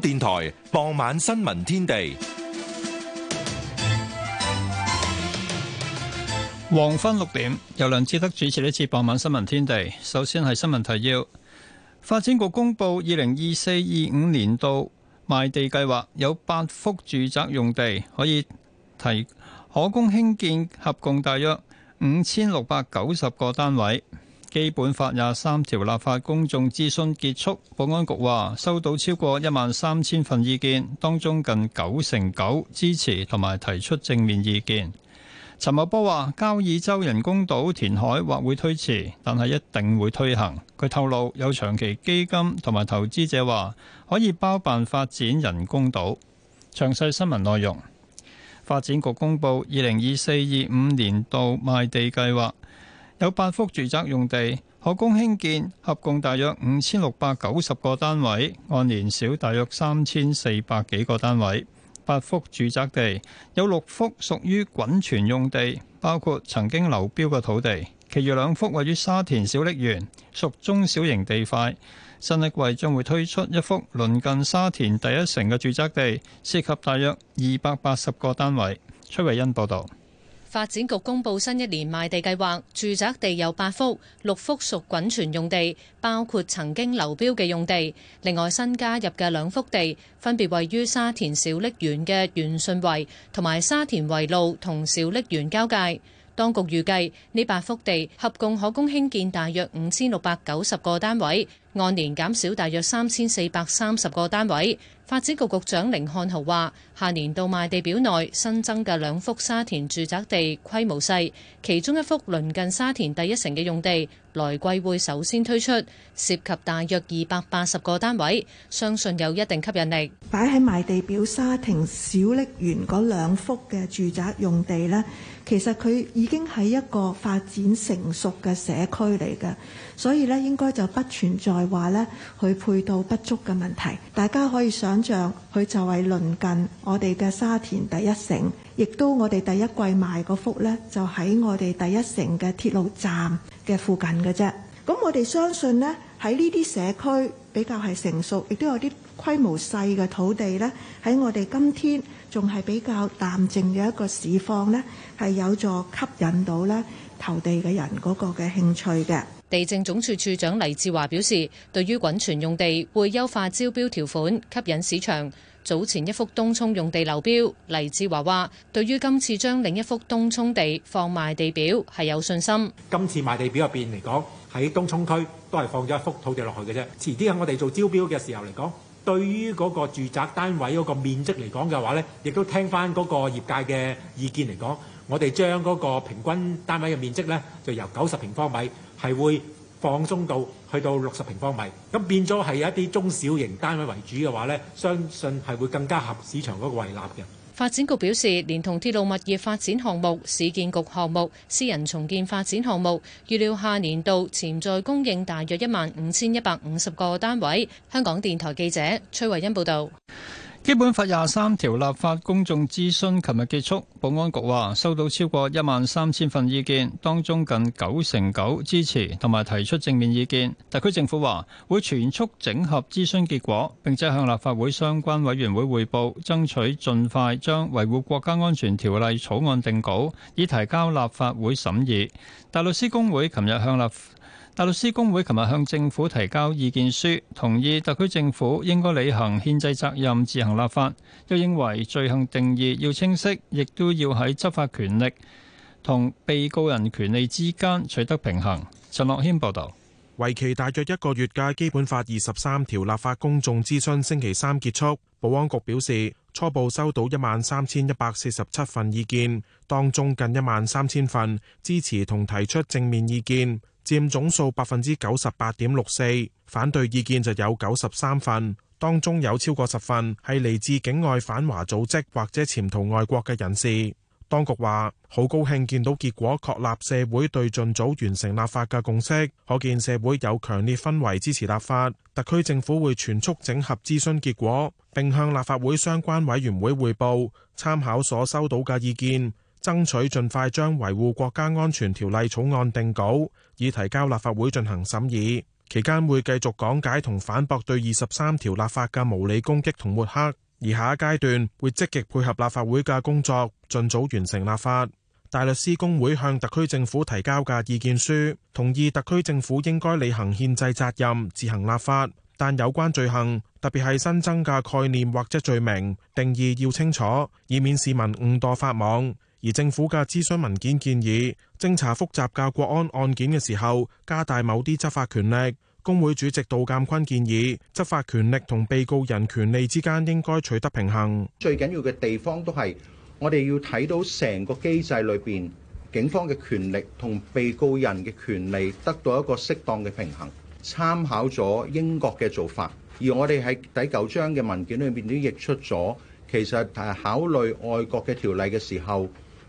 電台傍晚新聞天地，黃昏六點由梁志德主持呢次傍晚新聞天地。首先係新聞提要，發展局公布二零二四二五年度賣地計劃，有八幅住宅用地可以提，可供興建合共大約五千六百九十個單位。基本法廿三條立法公眾諮詢結束，保安局話收到超過一萬三千份意見，當中近九成九支持同埋提出正面意見。陳茂波話，交椅洲人工島填海或會推遲，但係一定會推行。佢透露有長期基金同埋投資者話可以包辦發展人工島。詳細新聞內容，發展局公布二零二四、二五年度賣地計劃。有八幅住宅用地可供興建，合共大約五千六百九十個單位，按年少大約三千四百幾個單位。八幅住宅地有六幅屬於滾存用地，包括曾經流標嘅土地，其餘兩幅位於沙田小瀝源，屬中小型地塊。新一季將會推出一幅鄰近沙田第一城嘅住宅地，涉及大約二百八十個單位。崔慧欣報道。發展局公布新一年賣地計劃，住宅地有八幅，六幅屬滾存用地，包括曾經流標嘅用地。另外新加入嘅兩幅地，分別位於沙田小瀝源嘅元順圍同埋沙田圍路同小瀝源交界。當局預計呢八幅地合共可供興建大約五千六百九十個單位，按年減少大約三千四百三十個單位。發展局局長甯漢豪話：下年度賣地表內新增嘅兩幅沙田住宅地規模細，其中一幅鄰近沙田第一城嘅用地，來季會首先推出，涉及大約二百八十個單位，相信有一定吸引力。擺喺賣地表沙田小瀝源嗰兩幅嘅住宅用地呢，其實佢已經係一個發展成熟嘅社區嚟嘅。所以咧，應該就不存在話咧，佢配套不足嘅問題。大家可以想像，佢就係鄰近我哋嘅沙田第一城，亦都我哋第一季賣嗰幅咧，就喺我哋第一城嘅鐵路站嘅附近嘅啫。咁我哋相信呢，喺呢啲社區比較係成熟，亦都有啲規模細嘅土地咧，喺我哋今天仲係比較淡靜嘅一個市況咧，係有助吸引到咧投地嘅人嗰個嘅興趣嘅。地政總署署長黎智華表示，對於滾存用地會優化招標條款，吸引市場。早前一幅東涌用地流標，黎智華話：對於今次將另一幅東涌地放賣地表係有信心。今次賣地表入邊嚟講，喺東涌區都係放咗一幅土地落去嘅啫。遲啲喺我哋做招標嘅時候嚟講，對於嗰個住宅單位嗰個面積嚟講嘅話呢，亦都聽翻嗰個業界嘅意見嚟講，我哋將嗰個平均單位嘅面積呢，就由九十平方米，係會放鬆到去到六十平方米，咁變咗係有一啲中小型單位為主嘅話呢，相信係會更加合市場嗰個維納嘅。發展局表示，連同鐵路物業發展項目、市建局項目、私人重建發展項目，預料下年度潛在供應大約一萬五千一百五十個單位。香港電台記者崔慧欣報道。基本法廿三條立法公眾諮詢，琴日結束。保安局話收到超過一萬三千份意見，當中近九成九支持同埋提出正面意見。特區政府話會全速整合諮詢結果，並且向立法會相關委員會匯報，爭取盡快將維護國家安全條例草案定稿，以提交立法會審議。大律師工會琴日向立大律師工會琴日向政府提交意見書，同意特區政府應該履行憲制責任，自行立法。又認為罪行定義要清晰，亦都要喺執法權力同被告人權利之間取得平衡。陳樂謙報道。為期大約一個月嘅《基本法》二十三條立法公眾諮詢星期三結束，保安局表示初步收到一萬三千一百四十七份意見，當中近一萬三千份支持同提出正面意見。佔總數百分之九十八點六四，反對意見就有九十三份，當中有超過十份係嚟自境外反華組織或者潛逃外國嘅人士。當局話：好高興見到結果確立社會對盡早完成立法嘅共識，可見社會有強烈氛圍支持立法。特區政府會全速整合諮詢結果，並向立法會相關委員會匯報，參考所收到嘅意見。爭取盡快將維護國家安全條例草案定稿，以提交立法會進行審議。期間會繼續講解同反駁對二十三條立法嘅無理攻擊同抹黑。而下一階段會積極配合立法會嘅工作，盡早完成立法。大律師公會向特區政府提交嘅意見書，同意特區政府應該履行憲制責任，自行立法。但有關罪行，特別係新增嘅概念或者罪名，定義要清楚，以免市民誤墮法網。而政府嘅諮詢文件建議，偵查複雜嘅國安案件嘅時候，加大某啲執法權力。工會主席杜鑑坤建議，執法權力同被告人權利之間應該取得平衡。最緊要嘅地方都係，我哋要睇到成個機制裏邊，警方嘅權力同被告人嘅權利得到一個適當嘅平衡。參考咗英國嘅做法，而我哋喺第九章嘅文件裏面都譯出咗，其實係考慮外國嘅條例嘅時候。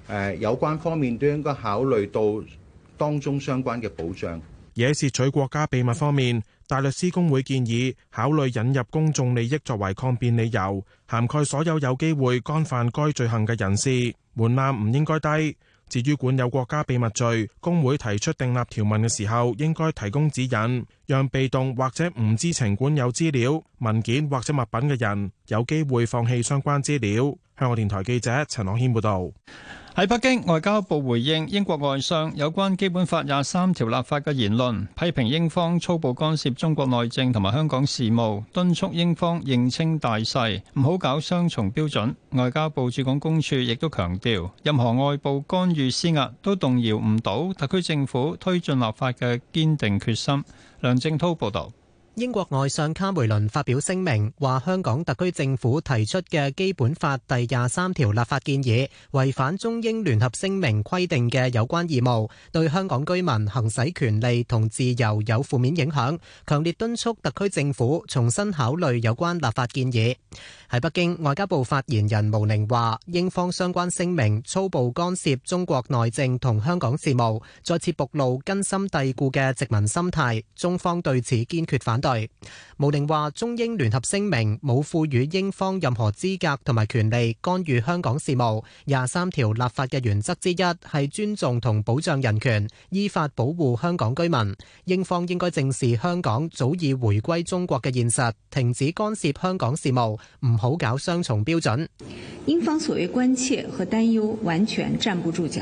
誒有關方面都應該考慮到當中相關嘅保障。也竊取國家秘密方面，大律師公會建議考慮引入公眾利益作為抗辯理由，涵蓋所有有機會干犯該罪行嘅人士。門檻唔應該低。至於管有國家秘密罪，公會提出訂立條文嘅時候，應該提供指引，讓被動或者唔知情管有資料、文件或者物品嘅人，有機會放棄相關資料。香港電台記者陳樂謙報道，喺北京，外交部回應英國外相有關《基本法》廿三條立法嘅言論，批評英方粗暴干涉中國內政同埋香港事務，敦促英方認清大勢，唔好搞雙重標準。外交部駐港公署亦都強調，任何外部干預施壓都動搖唔到特區政府推進立法嘅堅定決心。梁正濤報道。英國外相卡梅倫發表聲明，話香港特區政府提出嘅《基本法》第廿三條立法建議違反中英聯合聲明規定嘅有關義務，對香港居民行使權利同自由有負面影響，強烈敦促特區政府重新考慮有關立法建議。喺北京，外交部發言人毛寧話，英方相關聲明粗暴干涉中國內政同香港事務，再次暴露根深蒂固嘅殖民心態，中方對此堅決反對，毛寧話中英聯合聲明冇賦予英方任何資格同埋權利干預香港事務。廿三條立法嘅原則之一係尊重同保障人權，依法保護香港居民。英方應該正視香港早已回歸中國嘅現實，停止干涉香港事務，唔好搞雙重標準。英方所謂關切和擔憂完全站不住腳。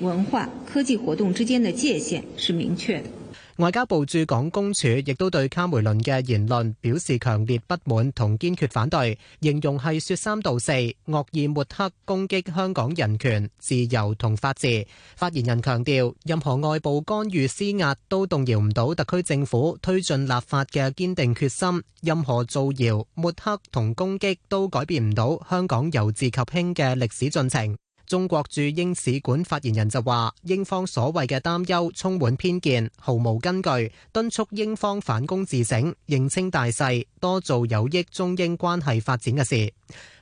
文化科技活動之間的界限是明確的。外交部駐港公署亦都對卡梅倫嘅言論表示強烈不滿同堅決反對，形容係說三道四、惡意抹黑，攻擊香港人權、自由同法治。發言人強調，任何外部干預施壓都動搖唔到特區政府推進立法嘅堅定決心，任何造謠、抹黑同攻擊都改變唔到香港由治及興嘅歷史進程。中國駐英使館發言人就話，英方所謂嘅擔憂充滿偏見，毫無根據，敦促英方反攻自省，認清大勢，多做有益中英關係發展嘅事。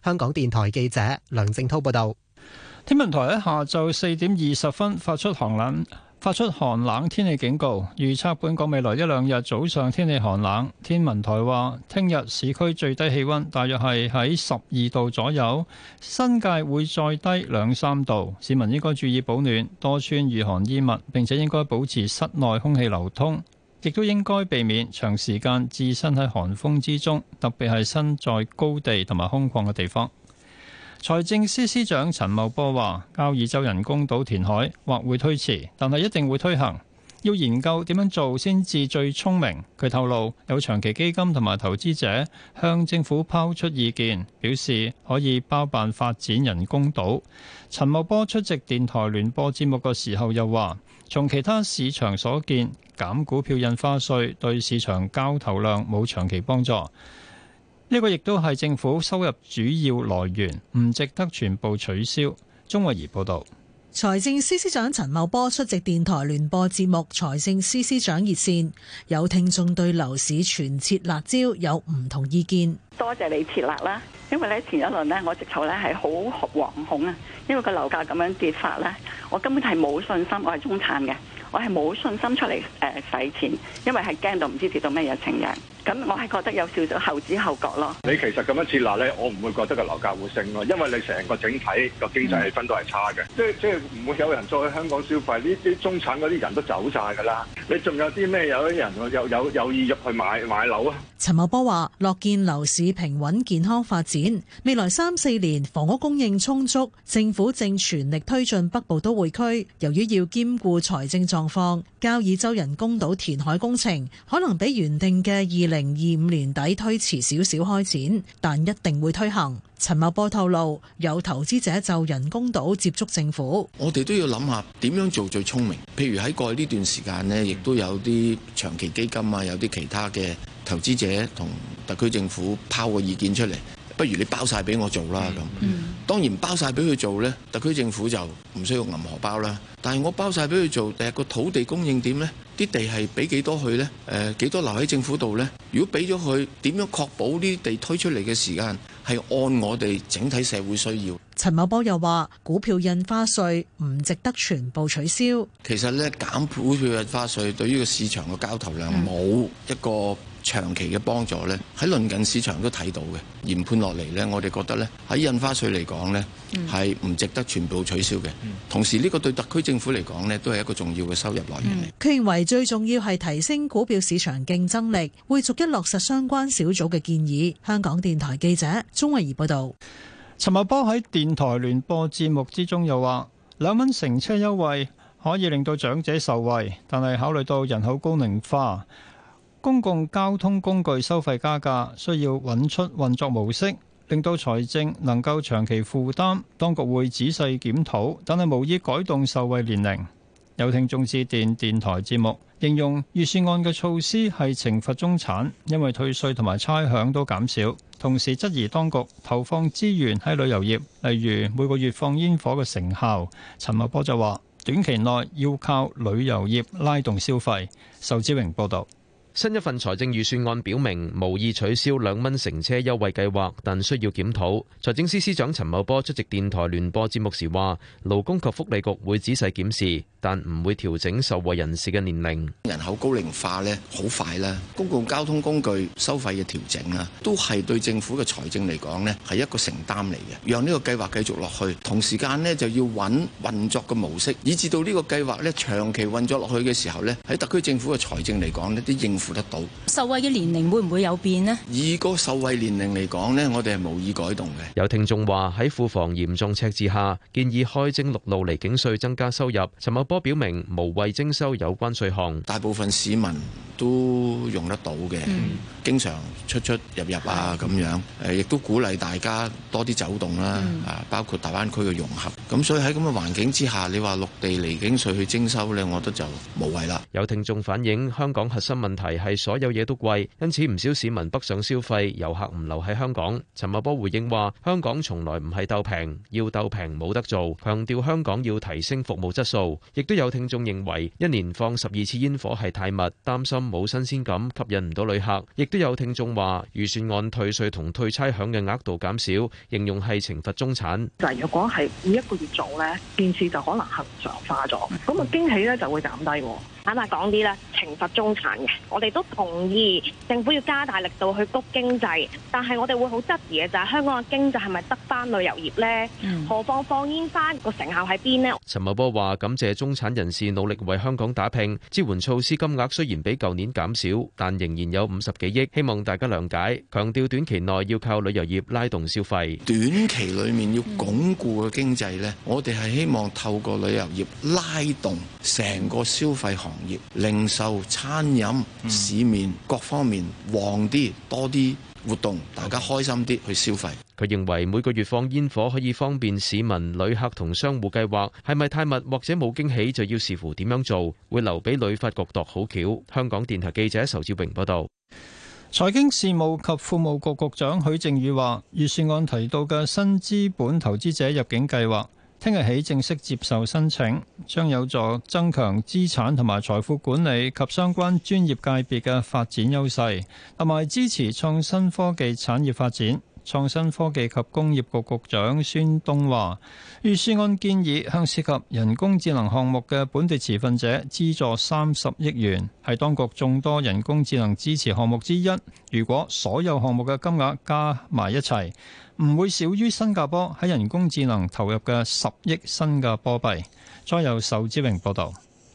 香港電台記者梁正濤報道。天文台喺下晝四點二十分發出寒冷發出寒冷天氣警告，預測本港未來一兩日早上天氣寒冷。天文台話，聽日市區最低氣温大約係喺十二度左右，新界會再低兩三度。市民應該注意保暖，多穿御寒衣物，並且應該保持室內空氣流通，亦都應該避免長時間置身喺寒風之中，特別係身在高地同埋空曠嘅地方。財政司司長陳茂波話，交椅洲人工島填海或會推遲，但係一定會推行，要研究點樣做先至最聰明。佢透露有長期基金同埋投資者向政府拋出意見，表示可以包辦發展人工島。陳茂波出席電台聯播節目嘅時候又話，從其他市場所見，減股票印花稅對市場交投量冇長期幫助。呢個亦都係政府收入主要來源，唔值得全部取消。鍾慧儀報道，財政司司長陳茂波出席電台聯播節目《財政司司長熱線》，有聽眾對樓市全撤辣招有唔同意見。多謝你撤辣啦，因為咧前一輪咧我直頭咧係好惶恐啊，因為個樓價咁樣跌法咧，我根本係冇信心，我係中產嘅，我係冇信心出嚟誒使錢，因為係驚到唔知跌到咩嘢情形。咁我係覺得有少少後知後覺咯。你其實咁樣設立咧，我唔會覺得個樓價會升咯，因為你成個整體個經濟氣氛都係差嘅，即係即係唔會有人再去香港消費。呢啲中產嗰啲人都走曬㗎啦。你仲有啲咩有啲人有有有意入去買買樓啊？陳茂波話：樂見樓市平穩健康發展，未來三四年房屋供應充足，政府正全力推進北部都會區。由於要兼顧財政狀況，交椅洲人工島填海工程可能比原定嘅二。零二五年底推遲少少開展，但一定會推行。陳茂波透露，有投資者就人工島接觸政府，我哋都要諗下點樣做最聰明。譬如喺過去呢段時間呢，亦都有啲長期基金啊，有啲其他嘅投資者同特區政府拋個意見出嚟，不如你包晒俾我做啦。咁當然包晒俾佢做呢，特區政府就唔需要用銀荷包啦。但係我包晒俾佢做，第個土地供應點呢？啲地係俾幾多去呢？誒幾多留喺政府度呢？如果俾咗佢，點樣確保呢地推出嚟嘅時間係按我哋整體社會需要？陳茂波又話：股票印花稅唔值得全部取消。其實咧，減股票印花稅對於個市場嘅交投量冇一個長期嘅幫助咧，喺鄰近市場都睇到嘅。研判落嚟咧，我哋覺得咧，喺印花稅嚟講咧，係唔、嗯、值得全部取消嘅。同時呢、呢個對特區政府嚟講咧，都係一個重要嘅收入來源嚟。佢、嗯、認為最重要係提升股票市場競爭力，會逐一落實相關小組嘅建議。香港電台記者鍾慧儀報道。陳茂波喺電台聯播節目之中又話：兩蚊乘車優惠可以令到長者受惠，但係考慮到人口高齡化。公共交通工具收費加價需要揾出運作模式，令到財政能夠長期負擔。當局會仔細檢討，但係無意改動受惠年齡。有聽眾致電電台節目，形容預算案嘅措施係懲罰中產，因為退稅同埋差餉都減少。同時質疑當局投放資源喺旅遊業，例如每個月放煙火嘅成效。陳茂波就話短期內要靠旅遊業拉動消費。仇志榮報道。新一份財政預算案表明，無意取消兩蚊乘車優惠計劃，但需要檢討。財政司司長陳茂波出席電台聯播節目時話，勞工及福利局會仔細檢視。但唔會調整受惠人士嘅年齡。人口高齡化咧好快啦，公共交通工具收費嘅調整啦，都係對政府嘅財政嚟講咧係一個承擔嚟嘅。讓呢個計劃繼續落去，同時間咧就要揾運作嘅模式，以至到呢個計劃咧長期運作落去嘅時候咧，喺特區政府嘅財政嚟講咧，都應付得到。受惠嘅年齡會唔會有變呢？以個受惠年齡嚟講呢，我哋係無意改動嘅。有聽眾話喺庫房嚴重赤字下，建議開徵陸路離境稅增加收入。我表明無謂徵收有關稅項，大部分市民都用得到嘅，mm. 經常出出入入啊咁樣，誒、mm. 亦都鼓勵大家多啲走動啦，啊、mm. 包括大灣區嘅融合。咁所以喺咁嘅環境之下，你話陸地離境稅去徵收咧，我覺得就無謂啦。有聽眾反映香港核心問題係所有嘢都貴，因此唔少市民北上消費，遊客唔留喺香港。陳茂波回應話香港從來唔係鬥平，要鬥平冇得做，強調香港要提升服務質素。亦都有聽眾認為一年放十二次煙火係太密，擔心冇新鮮感，吸引唔到旅客。亦都有聽眾話預算案退稅同退差餉嘅額度減少，形容係懲罰中產。就係如果係每一個月做呢件事，就可能恆常化咗，咁啊驚喜咧就會減低。坦白講啲咧，懲罰中產嘅，我哋都同意政府要加大力度去谷經濟，但係我哋會好質疑嘅就係香港嘅經濟係咪得翻旅遊業呢？嗯、何況放煙花個成效喺邊呢？陳茂波話：感謝中。中產人士努力為香港打拼，支援措施金額雖然比舊年減少，但仍然有五十幾億，希望大家諒解。強調短期內要靠旅遊業拉動消費，短期裏面要鞏固嘅經濟呢，我哋係希望透過旅遊業拉動成個消費行業、零售、餐飲、市面各方面旺啲、多啲活動，大家開心啲去消費。佢認為每個月放煙火可以方便市民、旅客同商戶計劃，係咪太密或者冇驚喜，就要視乎點樣做，會留俾旅發局度好橋。香港電台記者仇志榮報道。財經事務及庫務局局，局長許正宇話，預算案提到嘅新資本投資者入境計劃，聽日起正式接受申請，將有助增強資產同埋財富管理及相關專業界別嘅發展優勢，同埋支持創新科技產業發展。創新科技及工業局局長孫東話：預算案建議向涉及人工智能項目嘅本地持份者資助三十億元，係當局眾多人工智能支持項目之一。如果所有項目嘅金額加埋一齊，唔會少於新加坡喺人工智能投入嘅十億新加坡幣。再有，仇志榮報道。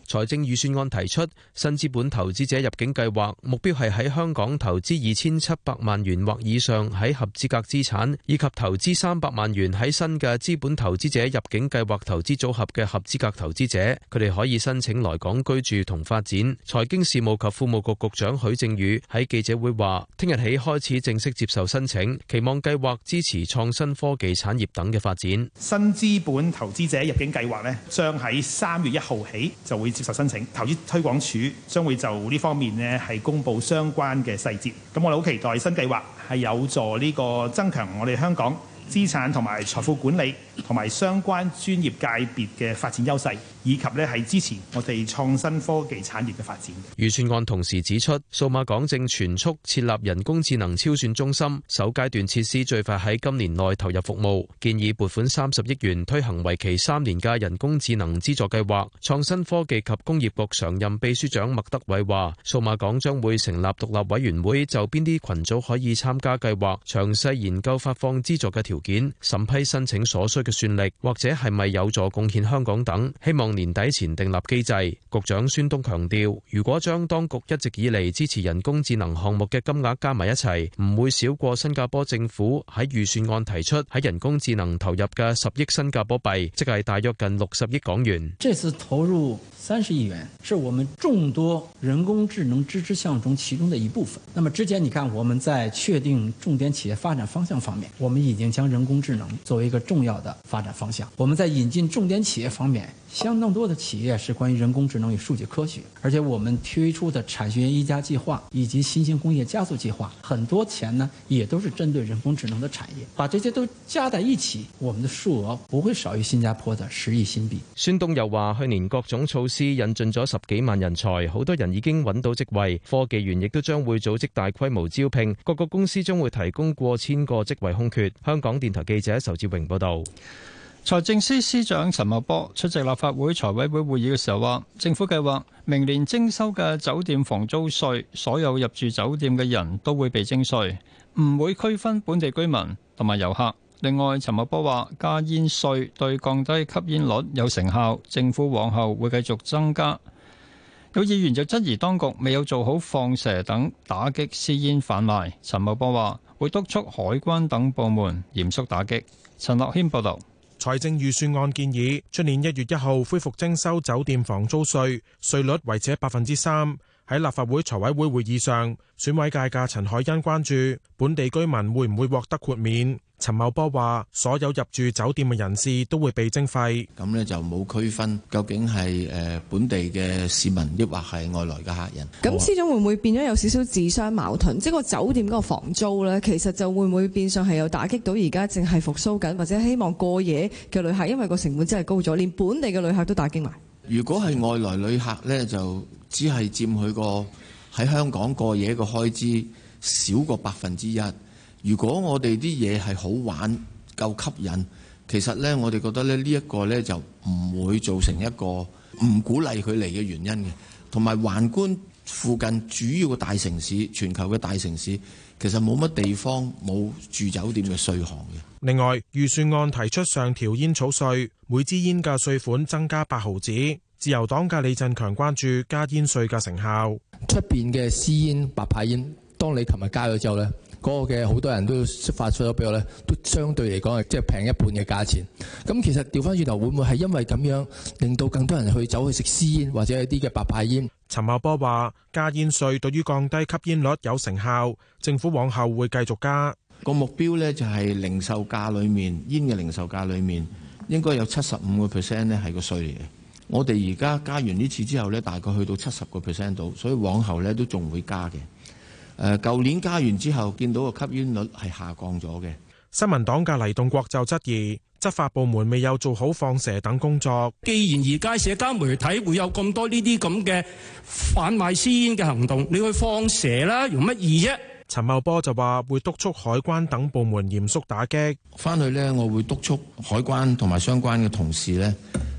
財政預算案提出新資本投資者入境計劃，目標係喺香港投資二千七百萬元或以上喺合資格資產，以及投資三百萬元喺新嘅資本投資者入境計劃投資組合嘅合資格投資者，佢哋可以申請來港居住同發展。財經事務及庫務局局,局長許正宇喺記者會話，聽日起開始正式接受申請，期望計劃支持創新科技產業等嘅發展。新資本投資者入境計劃咧，將喺三月一號起就會。接受申請，投資推廣署將會就呢方面呢係公布相關嘅細節。咁我哋好期待新計劃係有助呢個增強我哋香港。資產同埋財富管理同埋相關專業界別嘅發展優勢，以及呢係支持我哋創新科技產業嘅發展。預算案同時指出，數碼港正全速設立人工智能超算中心，首階段設施最快喺今年內投入服務。建議撥款三十億元推行為期三年嘅人工智能資助計劃。創新科技及工業局常任秘書長麥德偉話，數碼港將會成立獨立委員會，就邊啲群組可以參加計劃，詳細研究發放資助嘅條件。條件、審批、申請所需嘅算力，或者係咪有助貢獻香港等？希望年底前訂立機制。局長孫東強調：如果將當局一直以嚟支持人工智能項目嘅金額加埋一齊，唔會少過新加坡政府喺預算案提出喺人工智能投入嘅十億新加坡幣，即係大約近六十億港元。這次投入三十億元，是我們眾多人工智能支持項目中其中的一部分。那麼之前，你看我們在確定重點企業發展方向方面，我們已經將，人工智能作為一個重要的發展方向，我們在引進重點企業方面。相當多的企業是關於人工智能與數據科學，而且我們推出的產學研一加計劃，以及新型工業加速計劃，很多錢呢，也都是針對人工智能的產業。把這些都加在一起，我們的數額不會少於新加坡的十億新幣。孫東又話：去年各種措施引進咗十幾萬人才，好多人已經揾到職位，科技園亦都將會組織大規模招聘，各個公司將會提供過千個職位空缺。香港電台記者仇志榮報道。財政司司長陳茂波出席立法會財委會會議嘅時候話，政府計劃明年徵收嘅酒店房租稅，所有入住酒店嘅人都會被徵稅，唔會區分本地居民同埋遊客。另外，陳茂波話加煙稅對降低吸煙率有成效，政府往後會繼續增加。有議員就質疑當局未有做好放蛇等打擊私煙販賣。陳茂波話會督促海關等部門嚴肅打擊。陳樂軒報導。財政預算案建議，出年一月一號恢復徵收酒店房租稅，稅率維持百分之三。喺立法會財委會會議上，選委界嘅陳海欣關注本地居民會唔會獲得豁免。陳茂波話：所有入住酒店嘅人士都會被徵費，咁呢就冇區分究竟係誒本地嘅市民抑或係外來嘅客人。咁始終會唔會變咗有少少自相矛盾？即係個酒店嗰個房租呢，其實就會唔會變相係有打擊到而家淨係復蘇緊或者希望過夜嘅旅客，因為個成本真係高咗，連本地嘅旅客都打擊埋。如果係外來旅客呢，就只係佔佢個喺香港過夜嘅開支少過百分之一。如果我哋啲嘢係好玩夠吸引，其實呢，我哋覺得呢呢一個呢，就唔會造成一個唔鼓勵佢嚟嘅原因嘅。同埋環觀附近主要嘅大城市，全球嘅大城市。其實冇乜地方冇住酒店嘅稅項。另外，預算案提出上調煙草稅，每支煙嘅稅款增加八毫子。自由黨嘅李振強關注加煙稅嘅成效。出邊嘅私煙、白牌煙，當你琴日加咗之後呢。嗰個好多人都發咗俾我呢，都相對嚟講係即係平一半嘅價錢。咁其實調翻轉頭，會唔會係因為咁樣令到更多人去走去食私煙或者一啲嘅白牌煙？陳茂波話：加煙稅對於降低吸煙率有成效，政府往後會繼續加。個目標呢就係零售價裡面煙嘅零售價裡面應該有七十五個 percent 呢係個稅嚟嘅。我哋而家加完呢次之後呢，大概去到七十個 percent 度，所以往後呢都仲會加嘅。誒，舊年加完之後，見到個吸煙率係下降咗嘅。新聞黨嘅黎棟國就質疑執法部門未有做好放蛇等工作。既然而家社交媒體會有咁多呢啲咁嘅販賣私煙嘅行動，你去放蛇啦，用乜嘢啫？陳茂波就話會督促海關等部門嚴肅打擊。翻去呢，我會督促海關同埋相關嘅同事呢，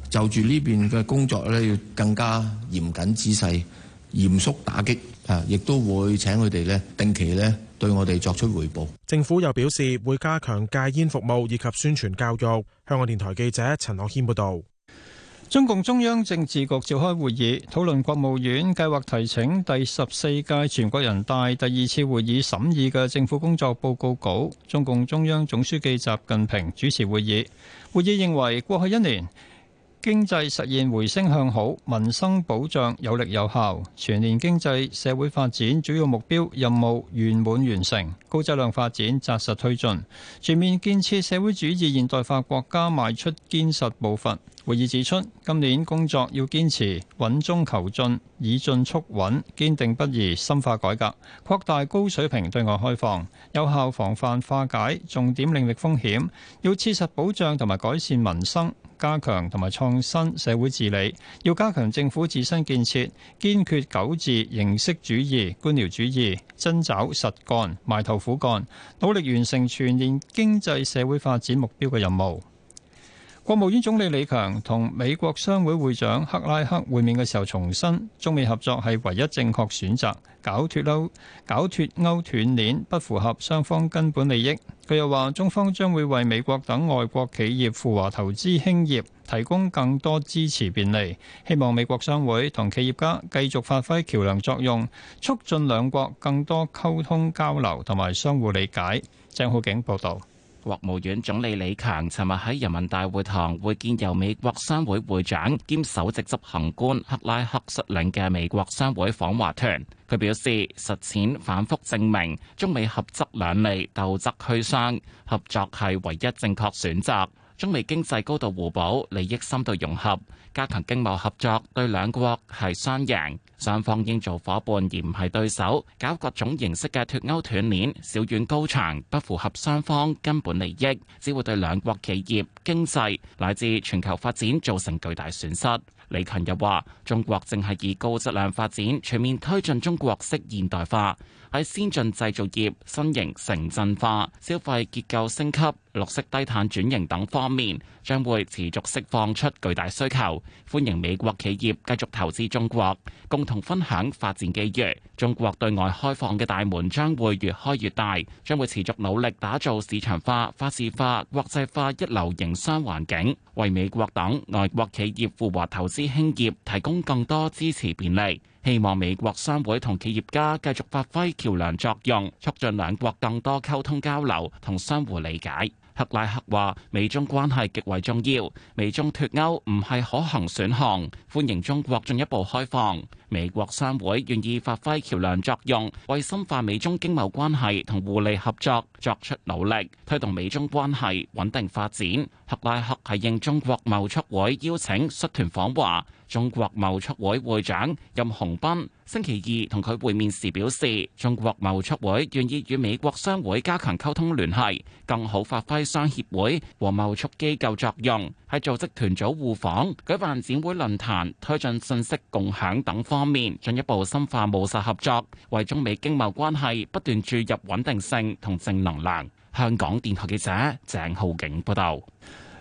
就住呢邊嘅工作呢，要更加嚴謹仔細，嚴肅打擊。啊！亦都會請佢哋呢，定期呢，對我哋作出回報。政府又表示會加強戒煙服務，以及宣傳教育。香港電台記者陳樂軒報導。中共中央政治局召開會議，討論國務院計劃提請第十四屆全國人大第二次會議審議嘅政府工作報告稿。中共中央總書記習近平主持會議。會議認為過去一年，經濟實現回升向好，民生保障有力有效，全年經濟社會發展主要目標任務圓滿完,完成，高質量發展扎實推進，全面建設社會主義現代化國家邁出堅實步伐。會議指出，今年工作要堅持穩中求進，以進促穩，堅定不移深化改革，擴大高水平對外開放，有效防範化解重點領域風險，要切實保障同埋改善民生。加強同埋創新社會治理，要加強政府自身建設，堅決糾治形式主義、官僚主義，真抓實幹，埋頭苦幹，努力完成全年經濟社會發展目標嘅任務。國務院總理李強同美國商會會長克拉克會面嘅時候重申，中美合作係唯一正確選擇，搞脫鈎、搞脫鈎斷鏈不符合雙方根本利益。佢又話，中方將會為美國等外國企業赴華投資興業提供更多支持便利，希望美國商會同企業家繼續發揮橋梁作用，促進兩國更多溝通交流同埋相互理解。鄭浩景報道。國務院總理李強尋日喺人民大會堂會見由美國商會會長兼首席執行官克拉克率領嘅美國商會訪華團。佢表示，實踐反覆證明，中美合則兩利，鬥則俱傷，合作係唯一正確選擇。中美經濟高度互補，利益深度融合，加強經貿合作對兩國係雙贏。雙方應做伙伴而唔係對手，搞各種形式嘅脫鉤斷鏈、小院高牆，不符合雙方根本利益，只會對兩國企業經濟乃至全球發展造成巨大損失。李強又話：中國正係以高質量發展全面推進中國式現代化。喺先進製造業、新型城鎮化、消費結構升級、綠色低碳轉型等方面，將會持續釋放出巨大需求，歡迎美國企業繼續投資中國，共同分享發展機遇。中國對外開放嘅大門將會越開越大，將會持續努力打造市場化、法治化、國際化一流營商環境，為美國等外國企業赴華投資興業提供更多支持便利。希望美國商會同企業家繼續發揮橋梁作用，促進兩國更多溝通交流同相互理解。克拉克話：美中關係極為重要，美中脱歐唔係可行選項，歡迎中國進一步開放。美國商會願意發揮橋梁作用，為深化美中經貿關係同互利合作作出努力，推動美中關係穩定發展。克拉克係應中國貿促會邀請率團訪華。中國貿促會會長任洪斌星期二同佢會面時表示，中國貿促會願意與美國商會加強溝通聯繫，更好發揮商協會和貿促機構作用，喺組織團組互訪、舉辦展會論壇、推進信息共享等方面進一步深化務實合作，為中美經貿關係不斷注入穩定性同正能量。香港電台記者鄭浩景報道。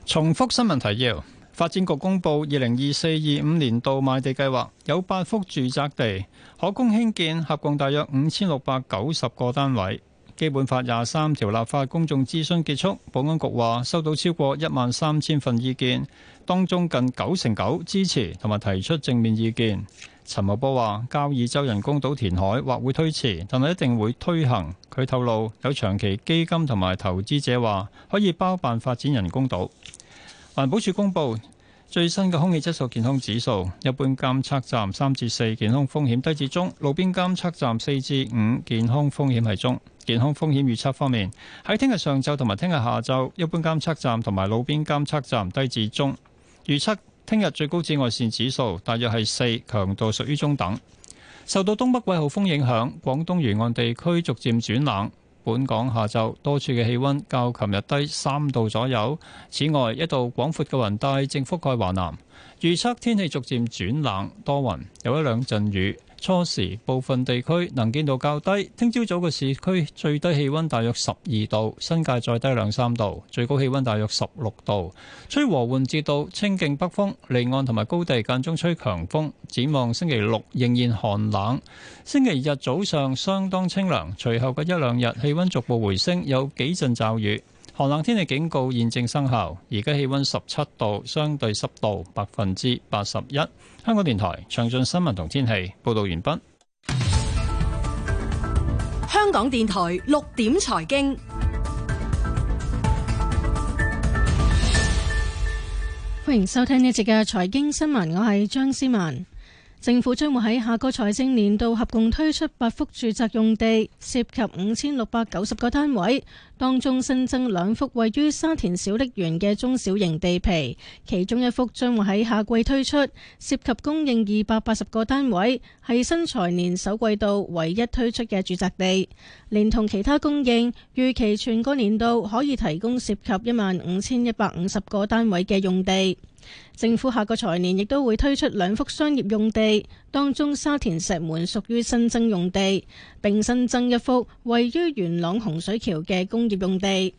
重複新聞提要。發展局公布二零二四二五年度賣地計劃，有八幅住宅地可供興建，合共大約五千六百九十個單位。基本法廿三條立法公眾諮詢結束，保安局話收到超過一萬三千份意見，當中近九成九支持同埋提出正面意見。陳茂波話，交椅洲人工島填海或會推遲，但係一定會推行。佢透露有長期基金同埋投資者話可以包辦發展人工島。環保署公布最新嘅空氣質素健康指數，一般監測站三至四，健康風險低至中；路邊監測站四至五，健康風險係中。健康風險預測方面，喺聽日上晝同埋聽日下晝，一般監測站同埋路邊監測站低至中。預測聽日最高紫外線指數大約係四，強度屬於中等。受到東北季候風影響，廣東沿岸地區逐漸轉冷。本港下晝多處嘅氣溫較琴日低三度左右。此外，一道廣闊嘅雲帶正覆蓋華南，預測天氣逐漸轉冷，多雲，有一兩陣雨。初時，部分地區能見度較低。聽朝早嘅市區最低氣溫大約十二度，新界再低兩三度，最高氣溫大約十六度。吹和緩至到清勁北風，離岸同埋高地間中吹強風。展望星期六仍然寒冷，星期日早上相當清涼，隨後嘅一兩日氣溫逐步回升，有幾陣驟雨。寒冷天氣警告現正生效，而家氣温十七度，相對濕度百分之八十一。香港電台詳盡新聞同天氣報導完畢。香港電台六點財經，歡迎收聽呢節嘅財經新聞，我係張思曼。政府將會喺下個財政年度合共推出八幅住宅用地，涉及五千六百九十個單位，當中新增兩幅位於沙田小瀝源嘅中小型地皮，其中一幅將會喺下季推出，涉及供應二百八十個單位，係新財年首季度唯一推出嘅住宅地，連同其他供應，預期全個年度可以提供涉及一萬五千一百五十個單位嘅用地。政府下個財年亦都會推出兩幅商業用地，當中沙田石門屬於新增用地，並新增一幅位於元朗洪水橋嘅工業用地。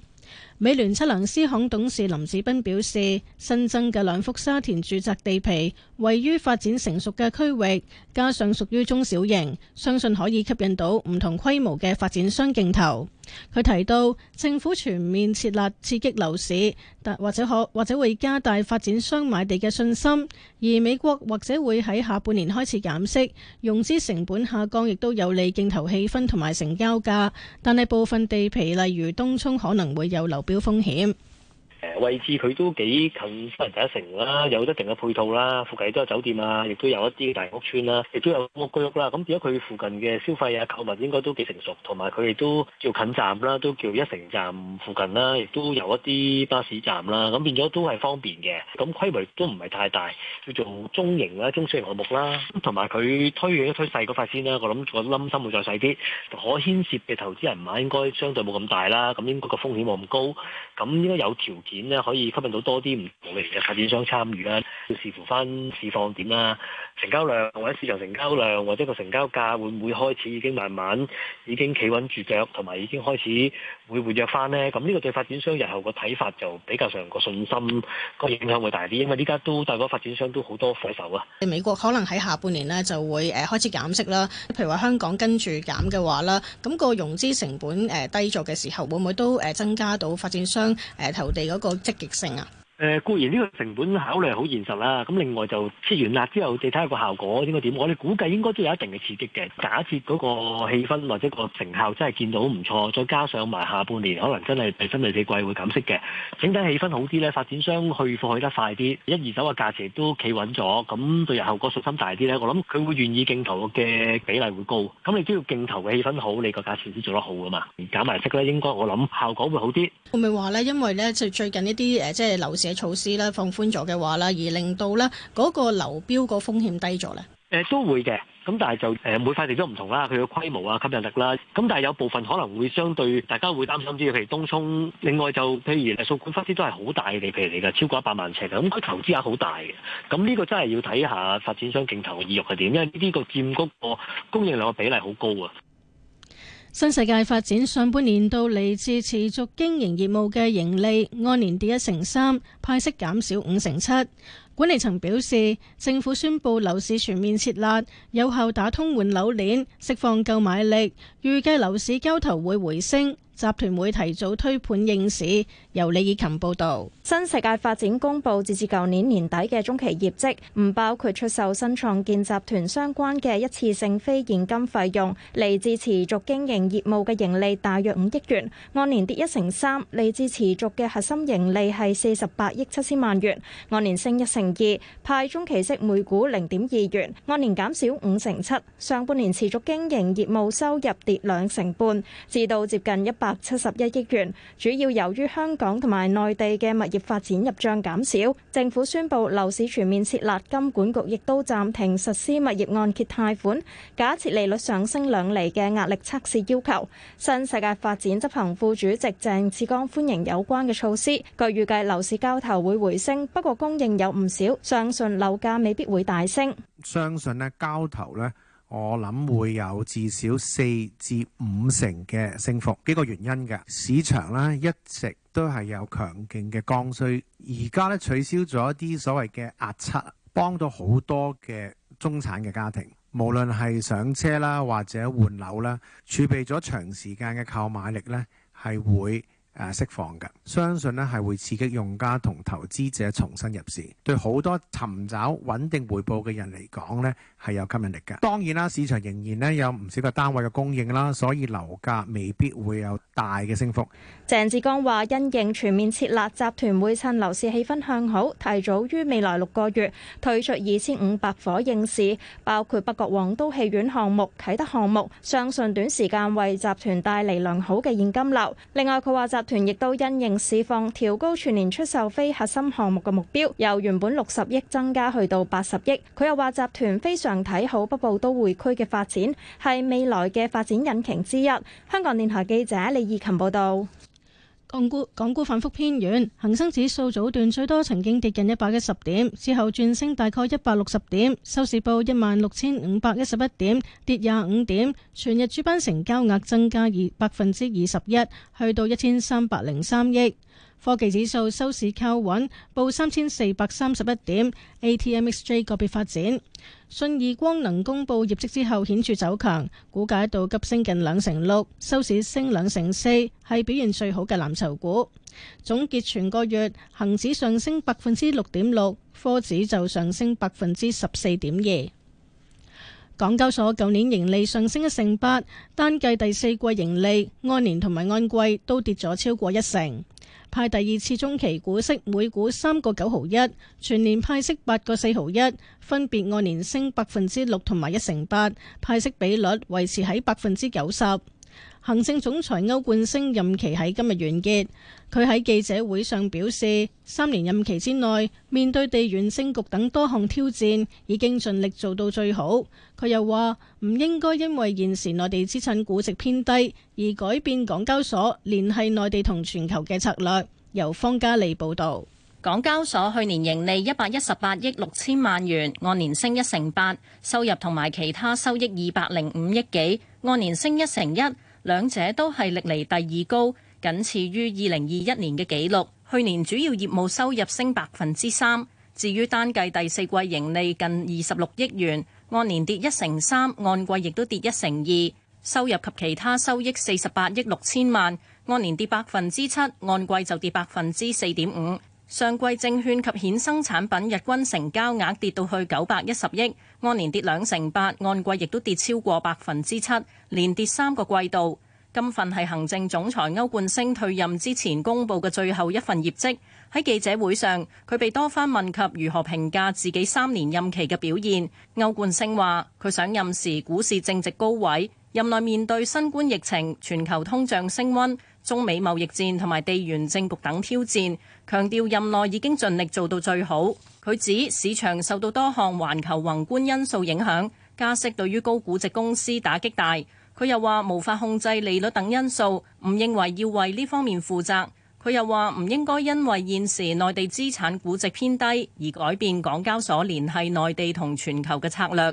美聯測量師行董事林子斌表示，新增嘅兩幅沙田住宅地皮位於發展成熟嘅區域，加上屬於中小型，相信可以吸引到唔同規模嘅發展商競投。佢提到，政府全面設立刺激樓市，但或者可或者會加大發展商買地嘅信心。而美國或者會喺下半年開始減息，融資成本下降亦都有利競投氣氛同埋成交價。但係部分地皮例如東涌可能會有流。表風險。誒位置佢都幾近西環第一城啦，有一定嘅配套啦，附近都有酒店啊，亦都有一啲大屋村啦，亦都有屋居屋啦。咁變咗佢附近嘅消費啊、購物應該都幾成熟，同埋佢亦都叫近站啦，都叫一城站附近啦，亦都有一啲巴士站啦。咁變咗都係方便嘅。咁規模都唔係太大，叫做中型啦、中小型項目啦。咁同埋佢推嘅推細嗰塊先啦。我諗個冧心會再細啲，可牽涉嘅投資人碼應該相對冇咁大啦。咁應該個風險冇咁高，咁應該有條。錢咧可以吸引到多啲唔同嘅發展商參與啦，要視乎翻市況點啦，成交量或者市場成交量或者個成交價會唔會開始已經慢慢已經企穩住腳，同埋已經開始會活躍翻咧？咁呢個對發展商日後個睇法就比較上個信心個影響會大啲，因為呢家都大部分發展商都好多火手啊。美國可能喺下半年咧就會誒開始減息啦，譬如話香港跟住減嘅話啦，咁個融資成本誒低咗嘅時候，會唔會都誒增加到發展商誒投地嗰？嗰個積極性啊！誒、呃、固然呢個成本考慮好現實啦，咁另外就切完辣之後，你睇下個效果應該點？我哋估計應該都有一定嘅刺激嘅。假設嗰個氣氛或者個成效真係見到唔錯，再加上埋下半年可能真係第三、第四季會減息嘅，整體氣氛好啲呢，發展商去貨去得快啲，一二手嘅價錢都企穩咗，咁對日後個信心大啲呢，我諗佢會願意競投嘅比例會高。咁你都要競投嘅氣氛好，你個價錢先做得好㗎嘛。減埋息呢，應該我諗效果會好啲。係咪話呢？因為呢，最近一啲、呃、即係樓市。嘅措施咧，放寬咗嘅話咧，而令到咧嗰、那個流標個風險低咗咧？誒都會嘅，咁但係就誒每塊地都唔同啦，佢嘅規模啊、吸引力啦，咁但係有部分可能會相對大家會擔心啲嘅，譬如東涌，另外就譬如誒掃管笏都係好大嘅地皮嚟噶，超過一百萬呎。咁、嗯、佢投資額好大嘅，咁、嗯、呢、這個真係要睇下發展商競投意欲係點，因為呢啲個佔嗰個供應量嘅比例好高啊。新世界發展上半年度嚟自持續經營業務嘅盈利按年跌一成三，派息減少五成七。管理層表示，政府宣布樓市全面撤辣，有效打通換樓鏈，釋放購買力，預計樓市交投會回升。集團會提早推盤應市。由李以琴報導，新世界發展公佈截至舊年年底嘅中期業績，唔包括出售新創建集團相關嘅一次性非現金費用。嚟自持續經營業務嘅盈利大約五億元，按年跌一成三。嚟自持續嘅核心盈利係四十八億七千萬元，按年升一成二。派中期息每股零點二元，按年減少五成七。上半年持續經營業務收入跌兩成半，至到接近一百百七十一億元，主要由於香港同埋內地嘅物業發展入帳減少。政府宣布樓市全面設立，金管局亦都暫停實施物業按揭貸款，假設利率上升兩釐嘅壓力測試要求。新世界發展執行副主席鄭志剛歡迎有關嘅措施。據預計樓市交投會回升，不過供應有唔少，相信樓價未必會大升。相信呢交投呢。我諗會有至少四至五成嘅升幅，幾個原因嘅。市場呢一直都係有強勁嘅剛需，而家咧取消咗一啲所謂嘅壓測，幫到好多嘅中產嘅家庭，無論係上車啦或者換樓啦，儲備咗長時間嘅購買力呢，係會。誒釋放嘅，相信咧係會刺激用家同投資者重新入市，對好多尋找穩定回報嘅人嚟講咧係有吸引力嘅。當然啦，市場仍然咧有唔少嘅單位嘅供應啦，所以樓價未必會有大嘅升幅。鄭志剛話：因應全面撤辣，集團會趁樓市氣氛向好，提早於未來六個月推出二千五百伙應市，包括北角皇都戲院項目、啟德項目，相信短時間為集團帶嚟良好嘅現金流。另外，佢話集。集團亦都因應市況，調高全年出售非核心項目嘅目標，由原本六十億增加去到八十億。佢又話集團非常睇好北部都會區嘅發展，係未來嘅發展引擎之一。香港電台記者李義琴報道。港股港股反覆偏軟，恒生指數早段最多曾經跌近一百一十點，之後轉升大概一百六十點，收市報一萬六千五百一十一點，跌廿五點。全日主板成交額增加二百分之二十一，去到一千三百零三億。科技指數收市靠穩，報三千四百三十一點。A T M X J 個別發展，信義光能公布業績之後顯著走強，股價一度急升近兩成六，收市升兩成四，係表現最好嘅藍籌股。總結全個月，恒指上升百分之六點六，科指就上升百分之十四點二。港交所舊年盈利上升一成八，單計第四季盈利按年同埋按季都跌咗超過一成。派第二次中期股息每股三個九毫一，全年派息八個四毫一，分別按年升百分之六同埋一成八，派息比率維持喺百分之九十。行政總裁歐冠昇任期喺今日完結，佢喺記者會上表示，三年任期之內面對地緣政局等多項挑戰，已經盡力做到最好。佢又話唔應該因為現時內地資產估值偏低而改變港交所聯繫內地同全球嘅策略。由方嘉利報道，港交所去年盈利一百一十八億六千萬元，按年升一成八，收入同埋其他收益二百零五億幾，按年升一成一。兩者都係歷嚟第二高，僅次於二零二一年嘅紀錄。去年主要業務收入升百分之三，至於單計第四季盈利近二十六億元，按年跌一成三，按季亦都跌一成二。收入及其他收益四十八億六千萬，按年跌百分之七，按季就跌百分之四點五。上季證券及衍生產品日均成交額跌到去九百一十億，按年跌兩成八，按季亦都跌超過百分之七，連跌三個季度。今份係行政總裁歐冠昇退任之前公布嘅最後一份業績。喺記者會上，佢被多番問及如何評價自己三年任期嘅表現。歐冠昇話：佢上任時股市正值高位，任內面對新冠疫情、全球通脹升温、中美貿易戰同埋地緣政局等挑戰。強調任內已經盡力做到最好。佢指市場受到多項環球宏觀因素影響，加息對於高估值公司打擊大。佢又話無法控制利率等因素，唔認為要為呢方面負責。佢又話唔應該因為現時內地資產估值偏低而改變港交所聯繫內地同全球嘅策略。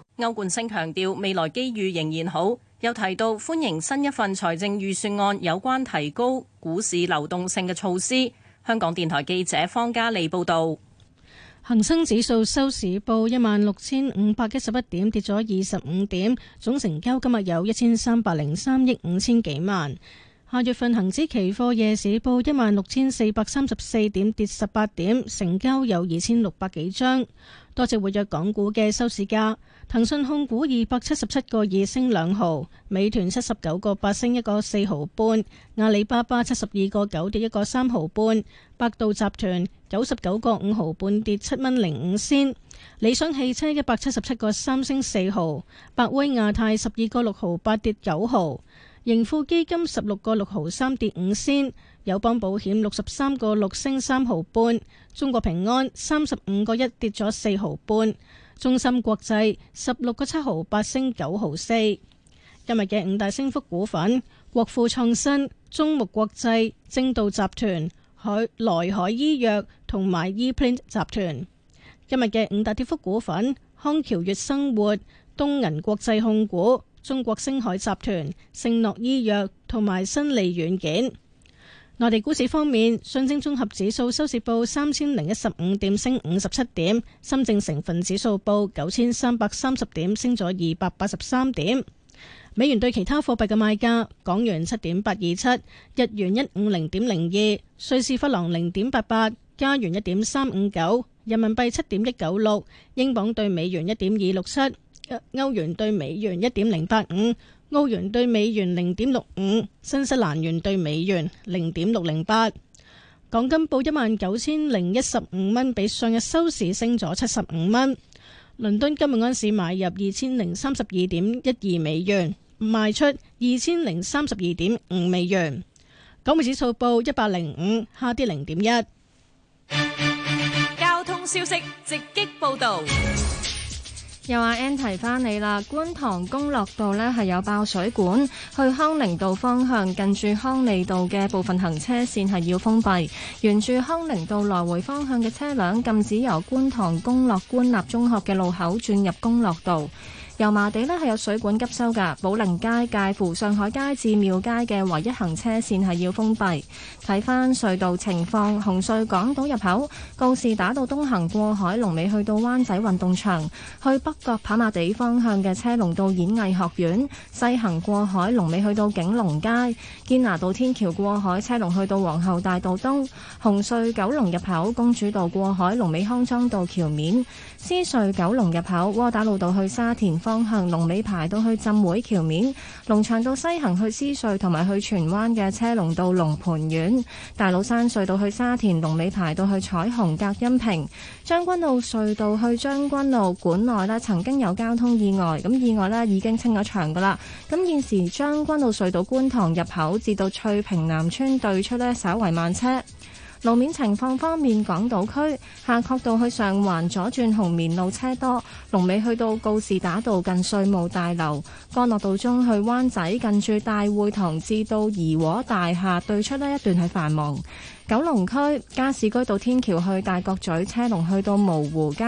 歐冠星強調未來機遇仍然好，又提到歡迎新一份財政預算案有關提高股市流動性嘅措施。香港電台記者方嘉利報道，恒生指數收市報一萬六千五百一十一點，跌咗二十五點，總成交今日有一千三百零三億五千幾萬。下月份恒指期貨夜市報一萬六千四百三十四點，跌十八點，成交有二千六百幾張。多隻活躍港股嘅收市價。騰訊控股，二百七十七個二升兩毫，美團，七十九個八升一個四毫半，阿里巴巴，七十二個九跌一個三毫半，百度集團，九十九個五毫半跌七蚊零五仙，理想汽車，一百七十七個三升四毫，百威亞太，十二個六毫八跌九毫，盈富基金，十六個六毫三跌五仙，友邦保險，六十三個六升三毫半，中國平安，三十五個一跌咗四毫半。中芯國際十六個七毫八升九毫四。今日嘅五大升幅股份：國富創新、中牧國際、正道集團、海來海醫藥同埋 e p l i n t 集團。今日嘅五大跌幅股份：康橋月生活、東銀國際控股、中國星海集團、聖諾醫藥同埋新利軟件。內地股市方面，上證綜合指數收市報三千零一十五點，升五十七點；深證成分指數報九千三百三十點，升咗二百八十三點。美元對其他貨幣嘅賣價：港元七點八二七，日元一五零點零二，瑞士法郎零點八八，加元一點三五九，人民幣七點一九六，英鎊兌美元一點二六七，歐元兌美元一點零八五。澳元對美元零點六五，新西蘭元對美元零點六零八，港金報一萬九千零一十五蚊，比上日收市升咗七十五蚊。倫敦金日安市買入二千零三十二點一二美元，賣出二千零三十二點五美元。港匯指數報一百零五，下跌零點一。交通消息直擊報道。又阿、啊、N 提翻你啦，觀塘公樂道呢係有爆水管，去康寧道方向近住康利道嘅部分行車線係要封閉，沿住康寧道來回方向嘅車輛禁止由觀塘公樂官立中學嘅路口轉入公樂道。油麻地呢，係有水管急修嘅，寶靈街介乎上海街至廟街嘅唯一行車線，係要封閉。睇翻隧道情況，紅隧港島入口告士打道東行過海龍尾去到灣仔運動場，去北角跑馬地方向嘅車龍到演藝學院；西行過海龍尾去到景隆街，堅拿道天橋過海車龍去到皇后大道東，紅隧九龍入口公主道過海龍尾康莊道橋面，獅隧九龍入口窩打老道去沙田。方向龍尾排到去浸會橋面，龍翔道西行去獅隧同埋去荃灣嘅車龍到龍蟠苑，大老山隧道去沙田龍尾排到去彩虹隔音屏，將軍澳隧道去將軍澳管內呢，曾經有交通意外，咁意外呢已經清咗場噶啦，咁現時將軍澳隧道觀塘入口至到翠屏南村對出呢，稍為慢車。路面情況方面，港島區夏慤道去上環左轉紅棉路車多，龍尾去到告士打道近稅務大樓，干諾道中去灣仔近住大會堂至到怡和大廈對出呢一段係繁忙。九龍區加士居道天橋去大角咀車龍去到蕪湖街，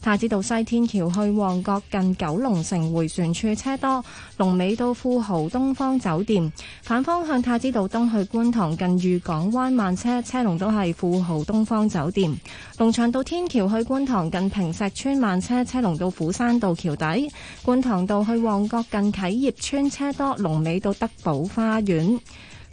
太子道西天橋去旺角近九龍城回旋處車多，龍尾到富豪東方酒店。反方向太子道東去觀塘近裕港灣慢車，車龍都係富豪東方酒店。龍翔道天橋去觀塘近平石村慢車，車龍到斧山道橋底。觀塘道去旺角近啟業村車多，龍尾到德寶花園。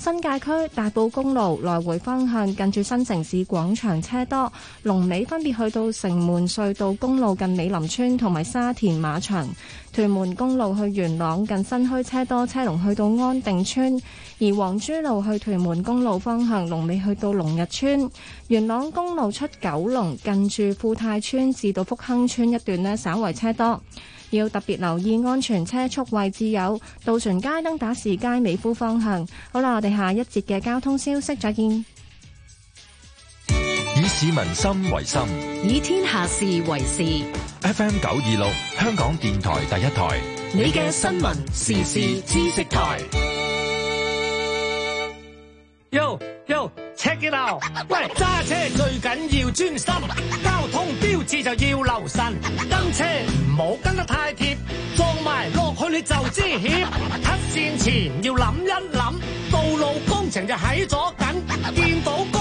新界區大埔公路來回方向近住新城市廣場車多，龍尾分別去到城門隧道公路近美林村同埋沙田馬場。屯門公路去元朗近新墟，車多車龍去到安定村；而黃珠路去屯門公路方向龍尾去到龍日村。元朗公路出九龍近住富泰村至到福亨村一段呢稍為車多，要特別留意安全車速，位置有渡船街、燈打士街、美孚方向。好啦，我哋下一節嘅交通消息，再見。以市民心為心。以天下事為事。FM 九二六，香港電台第一台。你嘅新聞時事知識台。Yo Yo Check it out！喂，揸車最緊要專心，交通標誌就要留神，跟車唔好跟得太貼，撞埋落去你就知險。出線前要諗一諗，道路工程就喺左近，見到。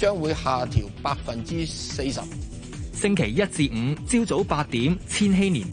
將會下調百分之四十。星期一至五，朝早八點，千禧年。